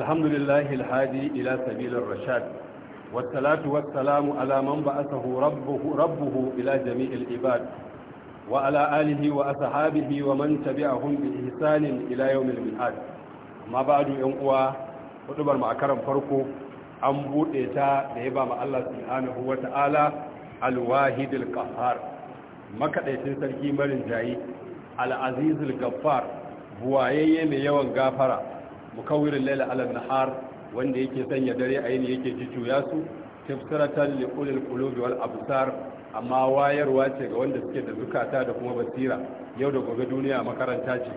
الحمد لله الهادي إلى سبيل الرشاد والصلاة والسلام على من بعثه ربه, ربه إلى جميع العباد وعلى آله وأصحابه ومن تبعهم بإحسان إلى يوم الميعاد ما بعد ينقوى kutubar mu a karan farko an buɗe ta da ya ba ma Allah subhanahu wa ta'ala alwahidul qahhar makaɗaitin sarki marin jayi al'azizul gaffar buwayayye mai yawan gafara mukawirin laila ala nahar wanda yake sanya dare a yini yake jujjuya su tafsiratan li ulil qulubi wal absar amma wayarwa ce ga wanda suke da zukata da kuma basira yau da gobe duniya makaranta ce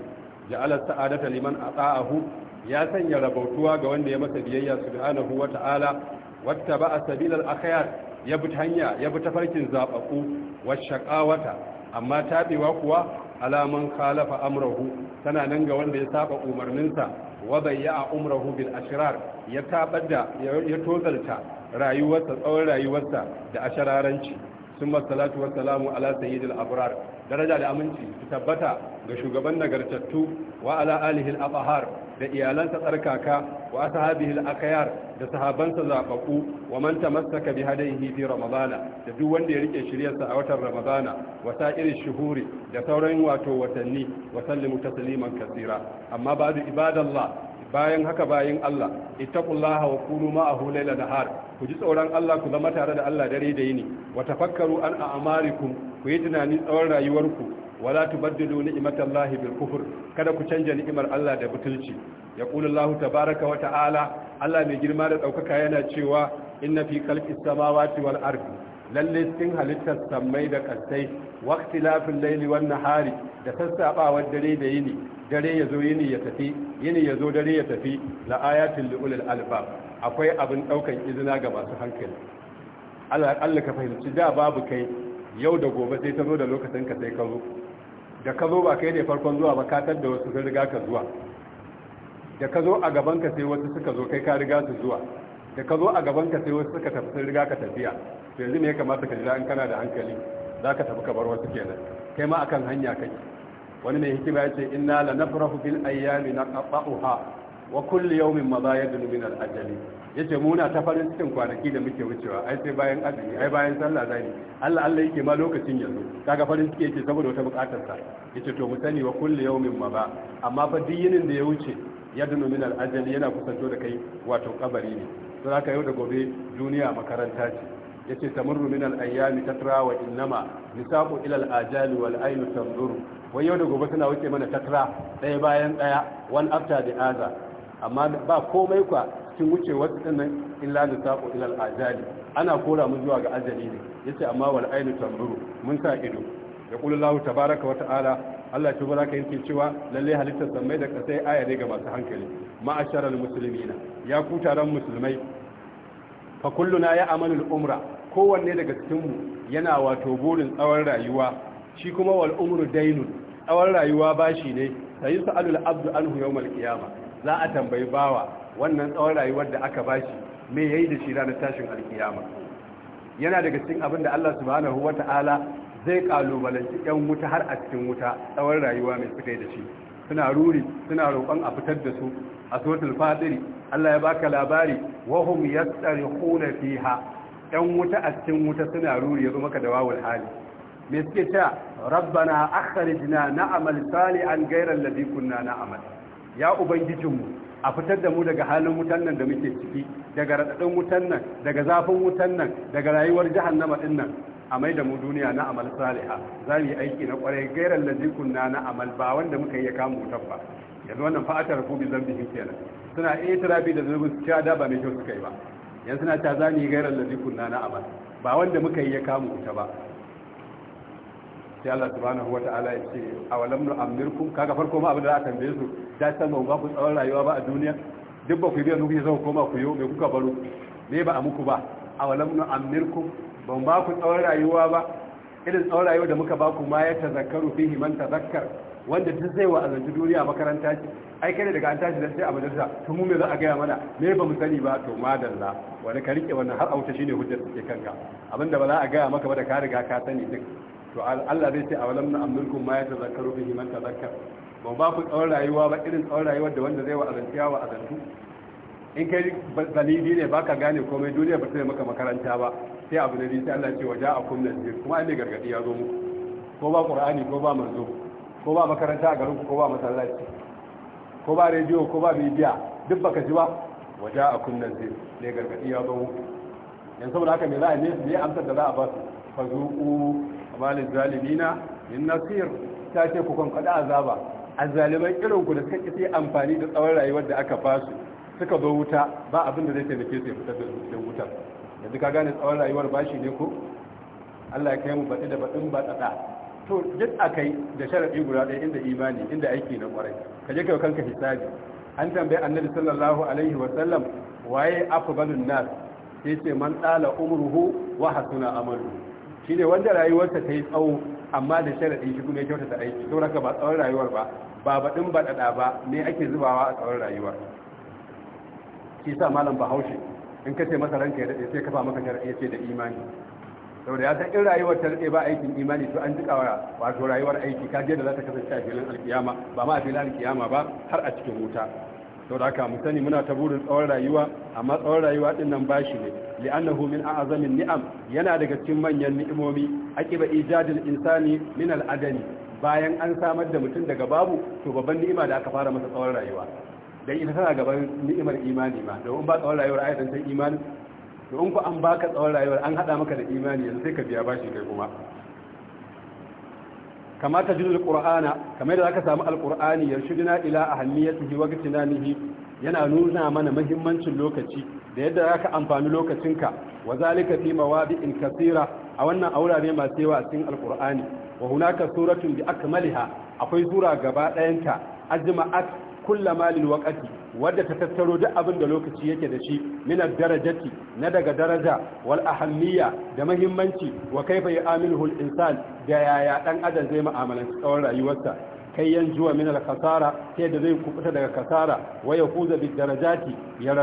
ja'ala sa'adata liman ata'ahu ya sanya rabautuwa ga wanda ya masa biyayya subhanahu wa ta'ala wata ba a sabilar akhayar ya bi hanya ya bi tafarkin zaɓaɓu wa shaƙawata amma taɓewa kuwa alaman kalafa amrahu tana nan ga wanda ya saba umarninsa wa a umrahu bil ashrar ya tabadda ya tozarta rayuwarsa tsawon rayuwarsa da ashararanci summa salatu salamu ala sayyidil abrar daraja da aminci su tabbata ga shugaban nagartattu wa ala alihil Abahar da iyalansa tsarkaka wa ashabihi al da sahabansa zabaku wa man tamassaka bi hadayhi fi ramadana da duk wanda ya rike shiryarsa a watan ramadana wa sa'iri shuhuri da sauran wato watanni wa sallimu tasliman kaseera amma ba'du ibadallah bayan haka bayan Allah ittaqullaha wa kunu ma'ahu da nahar ku ji tsoron Allah ku zama tare da Allah dare da yini wa tafakkaru an a'marikum ku yi tunani tsawon rayuwarku wala tubaddilu ni'matallahi bil kufr kada ku canja ni'imar Allah da butulci yaqulu Allah tabaaraka wa ta'ala Allah mai girma da daukaka yana cewa inna fi khalqis samawati wal ardi lalle cikin halittar sammai da kasai waqti lafin laili wan nahari da sassabawar dare da yini dare yazo yini ya tafi yini yazo dare ya tafi la ayatin li ulil albab akwai abin daukan izina ga masu hankali Allah Allah ka fahimci da babu kai yau da gobe sai ta zo da lokacin ka sai ka zo da ka zo ba kai ne farkon zuwa ba ka da wasu sun riga ka zuwa da ka zo a gaban ka sai wasu suka zo kai ka riga su zuwa da ka zo a gaban ka sai wasu suka tafi sun riga ka tafiya to yanzu me ya kamata ka jira in kana da hankali za ka tafi ka bar wasu kenan kai ma akan hanya kake wani mai hikima ya ce inna la nafrahu bil ayyami naqta'uha wa kullu yawmin madayadun min al ajali yace muna ta farin cikin kwanaki da muke wucewa ai sai bayan azumi ai bayan sallah zai Allah Allah yake ma lokacin yanzu kaga farin ciki yake saboda wata bukatar sa yace to mu sani wa kullu yawmin ma ba amma fa duk da ya wuce yadnu min al-ajali yana kusanto da kai wato kabari ne to zaka yau da gobe duniya makaranta ce yace tamurru min al ayami tatra wa innama nisaqu ila al-ajali wal aynu tanzuru wai yau da gobe suna wuce mana tatra daya bayan daya one after the other amma ba komai kwa cikin wucewar tsanan illa da saƙo ilal ajali ana kora mu zuwa ga ajali ne yace amma wal ainu tamburu mun sa ido ya kula lahu tabaraka wata ala Allah ya ka yanke cewa lalle halittar sammai da ƙasai aya ne ga masu hankali musulmi na ya ku taron musulmai fa kulluna ya amalul umra kowanne daga cikin yana wato burin tsawon rayuwa shi kuma wal umru dainun tsawon rayuwa bashi ne sayi su alul abdu anhu yawmal za a tambayi bawa wannan tsawon rayuwar da aka bashi me yayi da shi ranar tashin alkiyama yana daga cikin abin da Allah subhanahu wata'ala zai kalubalanci yan wuta har a cikin wuta tsawon rayuwa mai suka yi da shi suna ruri suna roƙon a fitar da su a suratul fadiri Allah ya baka labari wa hum yastarihuna fiha yan wuta a cikin wuta suna ruri yazo maka da wawul hali me suke ta rabbana akhrijna na'mal salihan ghayra alladhi kunna na'mal ya ubangijinmu a fitar da mu daga halin wutan nan da muke ciki daga raɗaɗin wutan nan daga zafin wutan nan daga rayuwar jahannama ɗin nan a mai da mu duniya na amal saliha za mu yi aiki na ƙwarai gairan lazikun na na amal ba wanda muka yi ya kama tabba. ba yanzu wannan fa'atar ku bi zambi kenan suna tarabi da zunubin su da ba mai kyau suka yi ba yanzu suna ta za mu yi gairan lazikun na na amal ba wanda muka yi ya kama wuta ba sai Allah subhanahu wata'ala ya ce a walam nu amirkum kaga farko ma abin da aka tambaye su da san ba ku tsawon rayuwa ba a duniya duk ba ku biya nuku zan koma ku yo me kuka baro me ba a muku ba a walam nu amirkum ban ba ku tsawon rayuwa ba irin tsawon rayuwa da muka ba ku ma ya tazakkaru fihi man tazakkar wanda duk zai wa azanci duniya makaranta ce ai kai daga an tashi da sai a majalisa to mu me za a gaya mana me ba mu sani ba to madalla wani ka rike wannan har auta shine hujjar take kanka abinda ba za a gaya maka ba da ka riga ka sani duk to Allah zai ce a walam na amurkun ma ya tazakaru bihi man tazakkar ba ba ku tsawon rayuwa ba irin tsawon rayuwar da wanda zai wa azantiya wa azantu in kai zalibi ne baka gane komai duniya ba sai maka makaranta ba sai abu da sai Allah ce waje a kum nazir kuma an ne gargadi ya zo muku ko ba ƙur'ani ko ba manzo ko ba makaranta a garin ku ko ba masallaci ko ba rediyo ko ba bibiya duk baka ji ba waje a kum nazir ne gargadi ya zo muku yanzu saboda haka me za a ne ne amsar da za a ba su fazuku amali zalimina min nasir ta ce ku kan kada azaba azaliman irin ku da suka ki amfani da tsawon rayuwar da aka fasu suka zo wuta ba abin da zai taimake su ya fitar da zuciyar wutar yanzu ka gane tsawon rayuwar bashi ne ko Allah ya kai mu baɗi da baɗin ba tsada to duk akai da sharaɗi guda ɗaya inda imani inda aiki na ƙwarai ka je kai kanka hisabi an tambayi annabi sallallahu alaihi wa sallam waye afbalun nas yace man tsala umruhu wa hasuna amaluhu Shi ne wanda rayuwarsa ta yi tsawo amma da sharaɗi shi kuma ya kyautata aiki to raka ba tsawon rayuwar ba ba baɗin baɗaɗa ba ne ake zubawa a tsawon rayuwar shi sa malam bahaushe in ka ce masa ranka ya daɗe sai kafa maka sharaɗi ya ce da imani saboda ya san in rayuwar ta daɗe ba aikin imani to an kawara wato rayuwar aiki ka je da za ta kasance a filin alkiyama ba ma a filin alkiyama ba har a cikin wuta to da haka mu sani muna ta burin tsawon rayuwa amma tsawon rayuwa din nan bashi ne li'annahu min a'zamin ni'am yana daga cikin manyan ni'imomi aqiba ijadil insani min al'adani bayan an samar da mutum daga babu to babban ni'ima da aka fara masa tsawon rayuwa dan ita tana gaban ni'imar imani ma domin ba tsawon rayuwar ayatan ta imani to in ku an baka tsawon rayuwar an hada maka da imani yanzu sai ka biya bashi kai kuma kama ta jidul qur'ana kamar da zaka samu alqur'ani yarshuduna ila ahammiyatihi wa gtinanihi yana nuna mana muhimmancin lokaci da yadda zaka amfani lokacinka wa zalika fi mawadi'in kasira a wannan ne masu yawa cikin alqur'ani wa hunaka suratun bi akmaliha akwai sura gaba ɗayanta ajma'at kullama lil waqti wadda ta tattaro duk abin da lokaci yake da shi minar darajati na daga daraja wal ahammiya da mahimmanci wa kaifa ya'amiluhu al-insan da yaya dan adam zai mu'amalanci tsawon rayuwarsa kai yanzu wa minar kasara sai da zai kubuta daga kasara wa yakuza bid darajati ya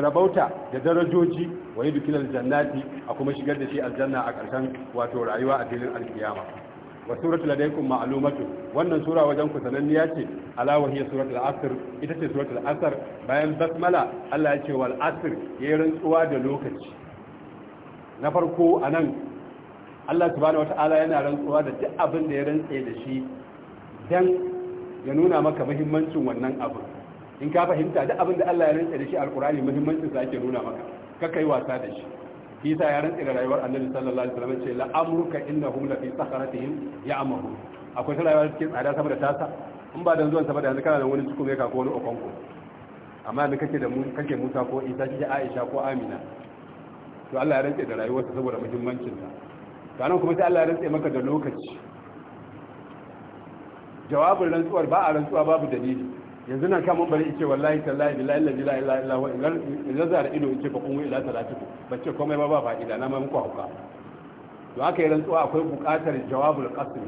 rabauta da darajoji wa yudkhilal jannati a kuma shigar da shi aljanna a ƙarshen wato rayuwa a filin alkiyama wa suratu ladaykum ma'lumatu wannan sura wajen ku sananniya ce ala wa hiya suratul asr ita ce suratul asr bayan basmala Allah ya ce wal asr yayin rantsuwa da lokaci na farko anan Allah subhanahu wataala yana rantsuwa da duk abin da ya rantsa da shi dan ya nuna maka muhimmancin wannan abin in ka fahimta duk abin da Allah ya rantsa da shi alqur'ani muhimmancin sa ake nuna maka kakai wasa da shi kisa ya rantsa da rayuwar annabi sallallahu alaihi wasallam ce la'amruka innahum la fi sakharatihim ya'mahu akwai ta rayuwar cikin tsada saboda tasa in ba dan zuwan sa ba da yanzu kana da wani cikin mai ka ko wani okonko amma yanzu kake da mu kake Musa ko Isa kike Aisha ko Amina to Allah ya rantsa da rayuwar sa saboda muhimmancin ta to nan kuma sai Allah ya rantsa maka da lokaci jawabin rantsuwar ba a rantsuwa babu dalili yanzu nan kama bari ce wallahi tallahi billahi la ilaha illa allah wa idan zara ido ce ba kunwa ila talatiku ba ce komai ba ba fa'ida na ma muku hauka to aka yi rantsuwa akwai bukatar jawabul qasmi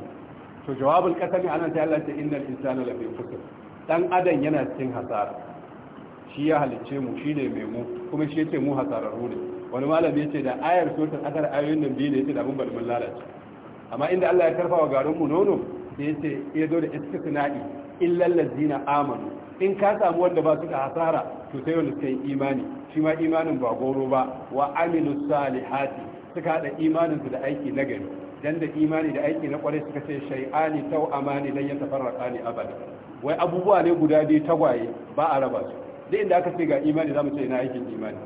to jawabul qasmi anan ta Allah ya ce innal insana lafi khusr dan adam yana cikin hasara shi ya halice mu shi ne mai mu kuma shi yace mu hasararru ne wani malami yace da ayar suratul asar ayoyin nan biyu ne yace da mun bari mun lalace amma inda Allah ya karfa wa garin mu nono sai yace ya zo da istisna'i illal ladzina amanu in ka samu wanda ba suka hasara to sai wani suka yi imani shi ma imanin ba goro ba wa amilu salihati suka hada imanin su da aiki na gari dan da imani da aiki na kwarai suka ce shay'ani tau amani lan ni abada wai abubuwa ne guda biyu tagwaye ba a raba su duk inda aka ce ga imani zamu ce ina aikin imani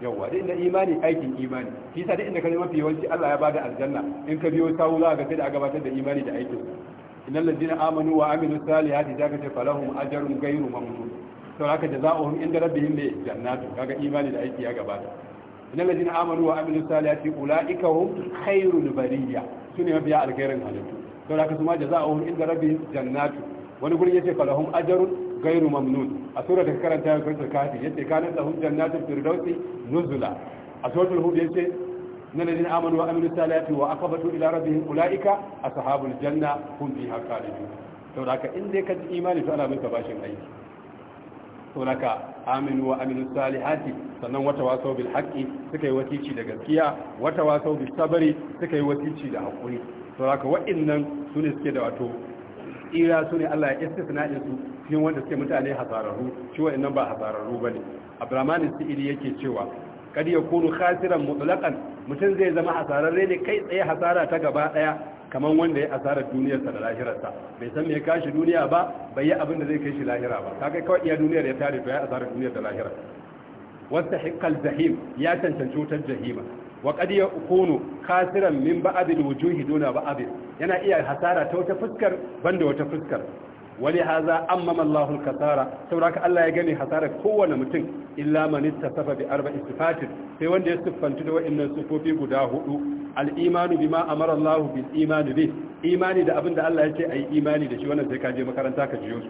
yawa duk inda imani aikin imani shi duk inda ka mafi yawanci Allah ya bada aljanna in ka biyo sawu za ka ga da aka gabatar da imani da aikin innal ladina amanu wa amilu salihati zaka ce falahum ajrun ghayru mamnun to haka jazaohum inda rabbihim ne jannatu kaga imani da aiki ya gabata innal ladina amanu wa amilu salihati ulaika hum khairul sune mabiya alkhairin halittu to haka kuma jazaohum inda rabbihim jannatu wani gurin yace falahum ajrun ghayru mamnun a surata karanta ya karanta kafi yace kana lahum jannatul firdausi nuzula a suratul hud yace من الذين آمنوا وعملوا الصالحات وأقبتوا إلى ربهم أولئك أصحاب الجنة هم فيها خالدون saboda in dai ka ji imani to ana maka bashin aiki saboda aminu wa aminu salihati sannan wata waso bil haqqi suka yi da gaskiya wata waso bil sabri suka yi wasici da hakuri saboda wa'annan sune suke da wato ira sune Allah ya isa din su cikin wanda suke mutane hasararru shi ba hasararru bane Abdurrahman yake cewa kad yakunu khasiran mutlaqan mutum zai zama hasararre ne kai tsaye hasara ta gaba daya kamar wanda ya asarar duniyarsa da lahirarsa bai san me kashi duniya ba bai yi abin da zai kai shi lahira ba kaga kawai iya duniyar ya tare to ya asarar duniyar da lahira wasta hikkal zahim ya cancanci wutar jahima wa qad yakunu khasiran min ba'd wujuhi duna ba'd yana iya hasara ta wata fuskar banda wata fuskar wani haza ammama Allahul kasara sauraka Allah ya gane hasarar kowane mutum illa safa ittasafa bi arba'i sifatin sai wanda ya siffantu da wa'annan sifofi guda hudu al ma bima amara Allah bi imani bi imani da abinda Allah ya ce ayi imani da shi wannan sai kaje makaranta ka jiyo su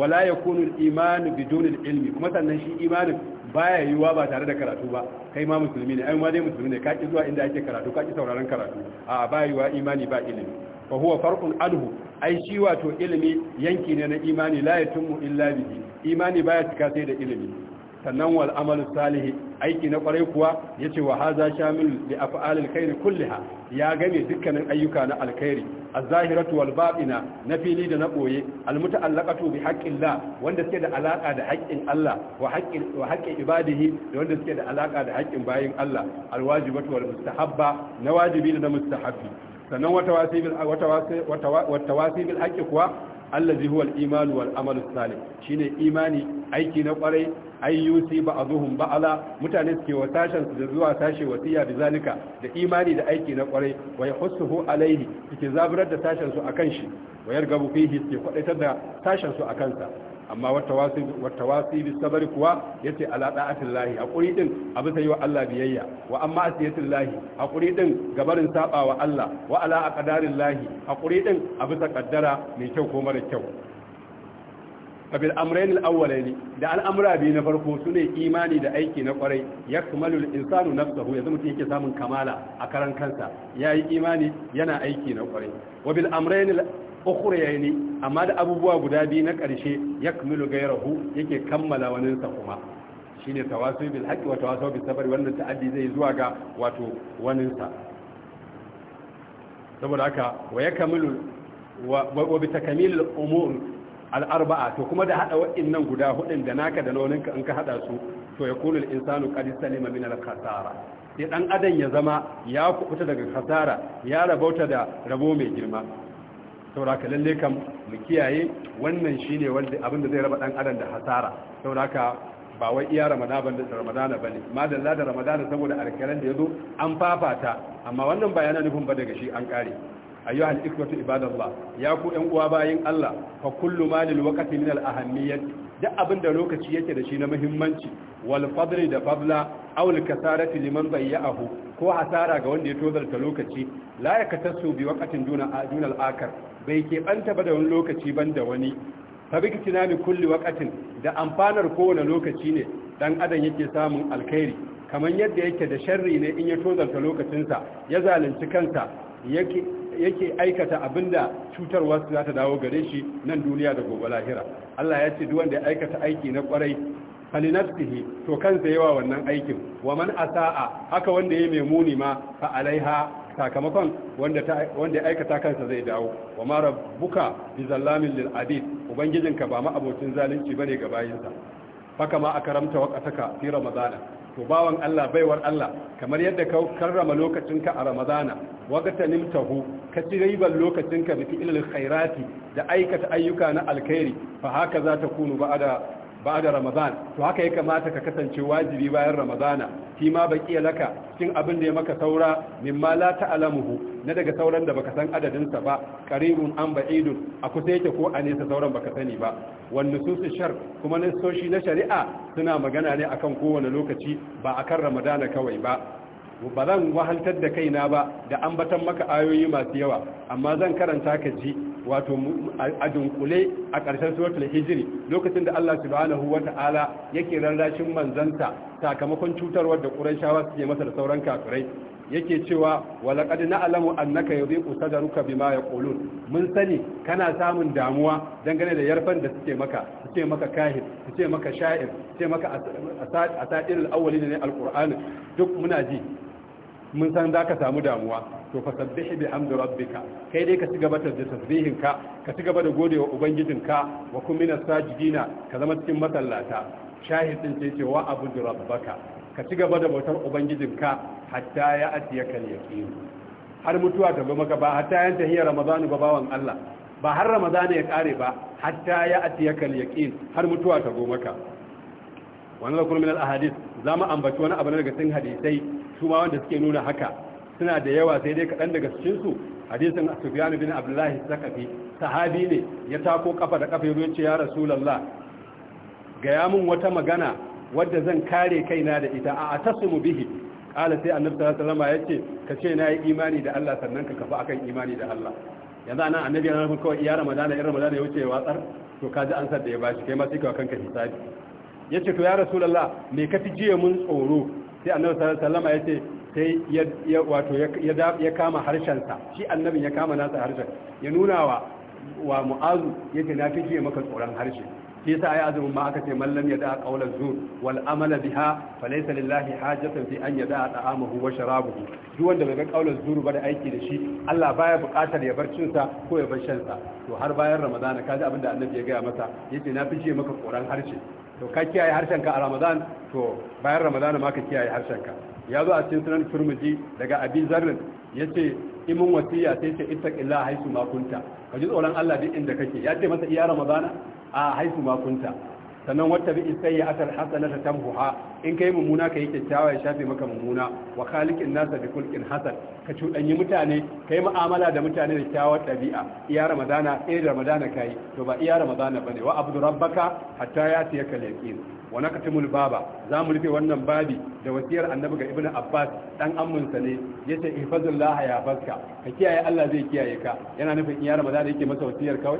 wala ya kunu imanu bidun al-ilmi kuma sannan shi imanin baya yiwuwa ba tare da karatu ba kai ma musulmi ne ai ma dai musulmi ne ka zuwa inda ake karatu ka ki sauraron karatu a baya yiwuwa imani ba ilimi fa huwa farqun anhu ai shi wato ilimi yanki ne na imani la yatimmu illa bihi imani baya cika sai da ilimi sannan wal amalu salih aiki na kwarai kuwa yace wa hadha shamil li af'alil khair kulliha ya game dukkanin ayyuka na alkhairi az-zahiratu wal batina na fili da na boye almutaallaqatu bi haqqillah wanda suke da alaka da haƙƙin Allah wa haƙƙin wa ibadihi da wanda suke da alaka da haƙƙin bayin Allah alwajibatu wal mustahabba na wajibi da na mustahabbi sannan wata wasi bil haqqi kuwa allazi huwa al-iman wal amal salih shine imani aiki na kwarai ayyusi ba'dhum ba'ala mutane suke wa tashan su da zuwa tashi wasiya da zalika da imani da aiki na kwarai wa yahussuhu alaihi suke zaburar da tashan su akan shi wa yargabu fihi suke kwadaitar da tashan su akan sa amma wata wasi bi sabari kuwa yace ala da'atin lahi hakuri din abu sai yi wa Allah biyayya wa amma asiyatin lahi hakuri din gabarin saba wa Allah wa ala ƙadarin lahi hakuri din abu sa kaddara mai kyau ko mara kyau kabil amrayn al-awwalayn da al'amura biyu na farko sune imani da aiki na kwarai yakmalul insanu nafsahu yanzu mutum yake samun kamala a karan kansa yayi imani yana aiki na kwarai wa bil amrayn ukhra yani amma da abubuwa guda biyu na karshe yakmilu gairahu yake kammala wani sa kuma shine tawasul bil haqqi wa tawasul bis sabr wannan ta'addi zai zuwa ga wato wani sa saboda haka wa yakmilu wa bi takamil al umur al arba'a to kuma da hada wa'annan guda hudun da naka da noninka in ka hada su to yakulu al insanu qad salima min al khasara sai dan adam ya zama ya kubuta daga khasara ya rabauta da rabo mai girma saboda ka lalle kam mu kiyaye wannan shine wanda abin da zai raba dan adam da hasara saboda ka ba wai iya ramadana ban da ramadana bane madalla da ramadana saboda alkaran da yazo an fafata amma wannan ba yana nufin ba daga shi an kare ayyuhal ikwatu ibadallah ya ku yan uwa bayin Allah fa kullu malil waqti min al ahammiyati duk abin da lokaci yake da shi na muhimmanci wal fadli da fadla aw al kasarati liman bayya'ahu ko hasara ga wanda ya tozarta lokaci la yakatasu bi waqtin duna duna al bai keɓanta ba da wani lokaci ban da wani fabiki tunani kulli wakatin da amfanar kowane lokaci ne dan adam yake samun alkhairi kamar yadda yake da sharri ne in ya tozarta lokacinsa ya zalunci kansa yake yake aikata abinda cutarwa su za ta dawo gare shi nan duniya da gobe lahira Allah ya ce duk wanda ya aikata aiki na kwarai falinafsihi to kansa yawa wannan aikin wa man asaa haka wanda ya mai muni ma fa alaiha sakamakon wanda ya aikata kansa zai dawo wa ma rabbuka bi zallamin lil abid ubangijinka ba ma abokin zalunci ne ga bayinsa faka ma akaramta waqtaka fi ramadana to bawan Allah baiwar Allah kamar yadda ka karrama lokacinka a ramadana waqta taho ka ci riban lokacinka bi fi'il khairati da aikata ayyuka na alkhairi fa haka za ta kunu ba'da ba da ramadan to haka ya kamata ka kasance wajibi bayan ramadana shi ma baqiya laka cikin abin da ya maka saura mimma la ta'lamuhu na daga sauran da baka san adadin sa ba qaribun an ba'idun a kusa yake ko a nesa sauran baka sani ba wan nusus shar kuma nasoshi na shari'a suna magana ne akan kowane lokaci ba akan ramadana kawai ba ba zan wahaltar da kaina ba da ambatan maka ayoyi masu yawa amma zan karanta ka ji wato a dunkule a ƙarshen suratul hijri lokacin da Allah subhanahu wata'ala yake rarrashin manzanta sakamakon cutarwar da Qurayshawa suke masa da sauran kafirai yake cewa walaqad na'lamu annaka yadhiqu sadruka bima yaqulun mun sani kana samun damuwa dangane da yarfan da suke maka suke maka kahir suke maka sha'ir suke maka asadir al-awwalin ne al-qur'an duk muna ji mun san za ka samu damuwa to fa sabbihi bi hamdi rabbika kai dai ka ci gaba da tasbihin ka ka ci gaba da godewa ubangijinka wa kun minas sajidina ka zama cikin masallata shahidin sai cewa wa abudu rabbaka ka ci gaba da bautar ubangijinka hatta ya atiyaka yaqin har mutuwa ta bi maka ba hatta yan tahiyar ramadanu ba bawan Allah ba har ramadanu ya kare ba hatta ya atiyaka yaqin har mutuwa ta go maka wani zakon min al-ahadith za mu ambaci wani abu daga cikin hadisai su ma wanda suke nuna haka suna da yawa sai dai kaɗan daga cikin su hadisin Sufyan bin Abdullah Sakafi sahabi ne ya tako kafa da kafa ya ce ya Rasulullah ga ya mun wata magana wadda zan kare kaina da ita a atasimu bihi kala sai annabi sallallahu alaihi wasallam yace ka ce na yi imani da Allah sannan ka kafa akan imani da Allah yanzu anan annabi ya nuna kawai ya Ramadan ya Ramadan ya wuce watsar to kaji ansar da ya bashi kai ma sai ka kanka hisabi Ya ce to ya rasulullah me ka fi jiya mun tsoro sai annabi sallallahu ya ce sai ya kama harshen shi annabi ya kama nasa harshen ya nuna wa wa mu'azu yace na fi jiya maka tsoron harshe sai yasa ayi azumin ma aka ce man lam yada qawla zur wal amala biha falaysa lillahi hajatan fi an yada ta'amahu wa sharabuhu duk wanda bai ga qawla zur ba da aiki da shi Allah baya buƙatar ya bar cin ko ya bar shan to har bayan ramadana kaji abinda annabi ya gaya masa yace na fi jiya maka tsoron harshe to ka kiyaye ka a ramadan to bayan ramadan ma ka kiyaye harshen ka ya zo a cikin sunan turmuji daga abi zarrin ya ce imin wasiya sai ce illa haisu ma kunta ka ji tsoron Allah duk inda kake ya ce masa iya ramadana a haisu ma kunta sannan wata bi'in sayya atal ta tamhuha in kai mummuna kai kyakkyawa ya shafe maka mummuna wa khaliqin nasa bi kulqin hasan ka cudanyi mutane kai mu'amala da mutane da kyakkyawar ɗabi'a iya ramadana eh ramadana kai to ba iya ramadana bane wa abdu rabbaka hatta yatiyaka yaqin wa nakatumul baba za mu rufe wannan babi da wasiyar annabi ga ibnu abbas dan amminsa ne yace ihfazullah ya fazka ka kiyaye Allah zai kiyaye ka yana nufin iya ramadana yake masa wasiyar kawai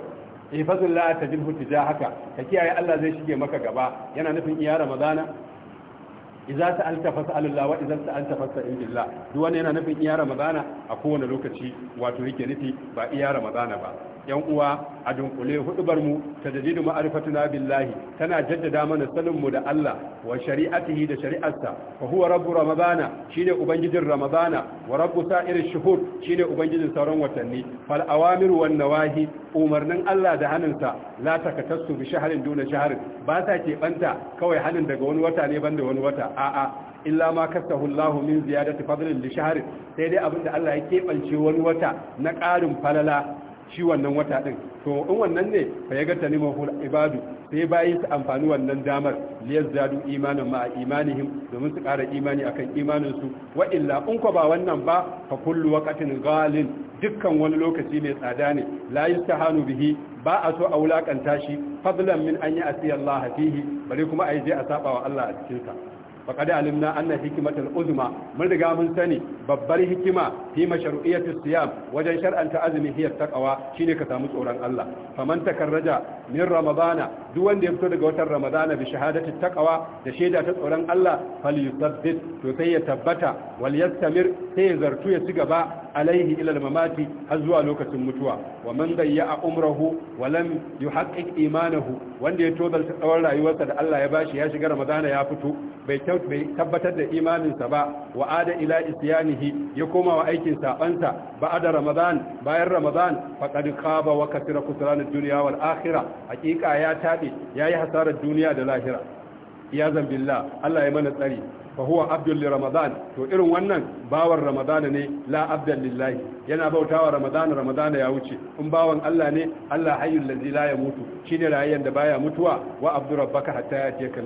ifazin la ta bilhu haka ka kiyaye Allah zai shige maka gaba yana nufin iya ramadana idza sa'alta fas'alillah wa idza sa'alta fas'al billah duk wani yana nufin iya ramadana a kowane lokaci wato yake nufi ba iya ramadana ba yan uwa a dunkule hudubarmu, mu ta jadidu ma'arifatuna billahi tana jaddada mana sanin mu da Allah wa shari'atihi da shari'arsa Wa huwa rabbu ramadana ne ubangijin ramadana wa rabbu sa'ir shuhur shine ubangijin sauran watanni fal awamir nawahi umarnin Allah da haninsa la takatassu bi shahrin duna shaharin. ba ta ke kawai hannun daga wani wata ne banda wani wata a'a illa ma kasahu Allahu min ziyadati fadlin li shahr sai dai abinda Allah ya kebance wani wata na ƙarin falala shi wannan wata din to in wannan ne fa ya gata nima hul ibadu sai bayi su amfani wannan damar liyaz zadu imanan ma imanihim domin su ƙara imani akan imanin su wa illa in ko ba wannan ba fa kullu waqatin ghalin dukkan wani lokaci mai tsada ne la yustahanu bihi ba a so a wulakanta shi fadlan min an yi asiyallaha fihi bare kuma ayi je a saba wa Allah a cikin sa faqad alimna anna hikimatar uzma mun riga mun sani babbar hikima fi mashru'iyyati siyam wajen shar'anta azumi hiya taqwa shine ka samu tsoron Allah faman takarraja min ramadana duk wanda ya fito daga watan ramadana bi shahadati taqwa da shaida ta tsoron Allah falyusaddid to sai ya tabbata wal yastamir sai ya zartu ya ci gaba alaihi ila mamati har zuwa lokacin mutuwa wa man dayya umrahu wa lam yuhaqqiq imanahu wanda ya tozalta tsawon rayuwarsa da Allah ya bashi ya shiga ramadana ya fito bai tabbatar da imaninsa ba wa ada ila isyanihi ya koma wa aikin sabansa ba'ada ramadan bayan ramadan faqad khaba wa kasira kusranan dunya wal akhirah hakika ya tabe yayi hasarar duniya da lahira iyazan billah Allah ya mana tsari fa huwa abdul li ramadan to irin wannan bawan ramadana ne la abdul lillahi yana bautawa ramadana ramadana ya wuce in bawan Allah ne Allah hayyul ladzi la yamutu shine rayyan da baya mutuwa wa abdur rabbaka hatta yatiyaka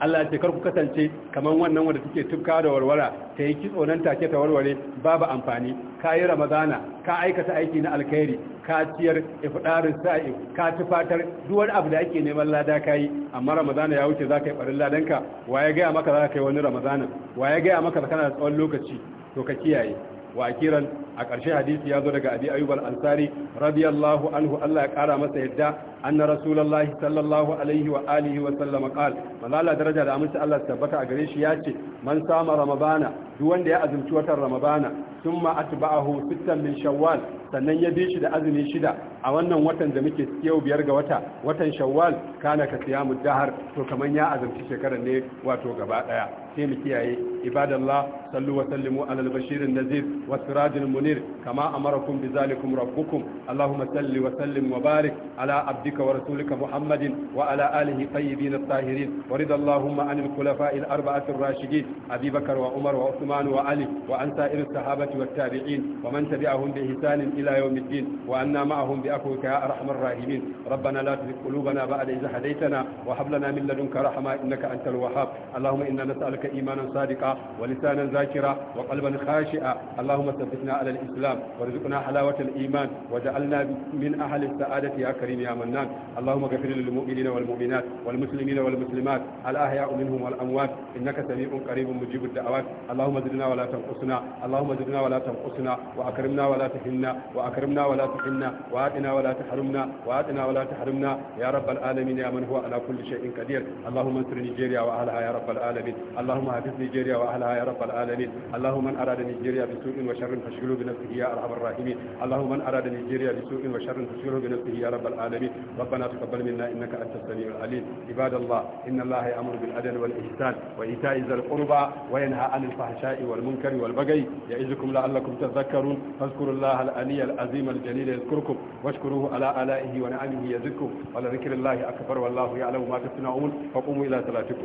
Allah ce kar ku kasance kaman wannan wanda take tufka da warwara ta yi kitso nan take ta warware babu amfani ka yi ramadana ka aikata aiki na alkhairi ka ciyar ifdarin sa'i ka ci fatar duk wani abu da ake neman lada ka yi amma ramadana ya wuce za ka yi barin ladanka wa ya gaya maka za ka yi wani ramadana wa ya gaya maka kana da tsawon lokaci to ka kiyaye wa akiran a ƙarshe hadisi ya zo daga abi ayyub ansari radiyallahu anhu Allah ya ƙara masa yadda anna rasulullahi sallallahu alaihi wa alihi wa sallam qal malala daraja da amince Allah tabbata a gare shi ya ce man sama ramadana duk wanda ya azumci watan ramadana thumma atba'ahu sittan min shawwal sannan ya bi shi da azumi shida a wannan watan da muke yau biyar ga wata watan shawwal kana ka siyamu dahar to kaman ya azumci shekarar ne wato gaba daya sai mu kiyaye ibadallah sallu wa sallimu ala al-bashir an-nazir wa siraj munir kama amarakum bi zalikum rabbukum allahumma salli wa sallim wa barik ala abdika wa rasulika muhammadin wa ala alihi tayyibin at-tahirin wa allahumma an al-khulafa'i al-arba'ati ar-rashidin abi bakr wa umar wa uthman wa ali wa an sa'ir as-sahabati wat-tabi'in wa man tabi'ahum bi ihsan ila yawm الدين وأنا معهم بأخوك ربنا لا تزغ قلوبنا بعد إذ هديتنا وهب لنا من لدنك رحمة إنك أنت الوهاب اللهم إنا نسألك إيمانا صادقا ولسانا ذاكرا وقلبا خاشئا اللهم ثبتنا على الإسلام وارزقنا حلاوة الإيمان وجعلنا من أهل السعادة يا كريم يا منان اللهم غفر للمؤمنين والمؤمنات والمسلمين والمسلمات الأحياء منهم والأموات إنك سميع قريب مجيب الدعوات اللهم زدنا ولا تنقصنا اللهم زدنا ولا تنقصنا وأكرمنا ولا تهنا وأكرمنا ولا تهنا وآتنا ولا تحرمنا وآتنا ولا تحرمنا يا رب العالمين يا من هو على كل شيء قدير اللهم انصر نيجيريا وأهلها يا رب العالمين اللهم اللهم اعز نيجيريا واهلها يا رب العالمين اللهم من اراد نيجيريا بسوء وشر فاشغله بنفسه يا ارحم الراحمين اللهم من اراد نيجيريا بسوء وشر فاشغله بنفسه يا رب العالمين ربنا تقبل منا انك انت السميع العليم عباد الله ان الله يامر بالعدل والاحسان وايتاء ذي القربى وينهى عن الفحشاء والمنكر والبغي يعظكم لعلكم تذكرون فاذكروا الله العلي العظيم الجليل يذكركم واشكروه على آلائه ونعمه يزدكم ولذكر الله أكبر والله يعلم ما تصنعون فقوموا إلى صلاتكم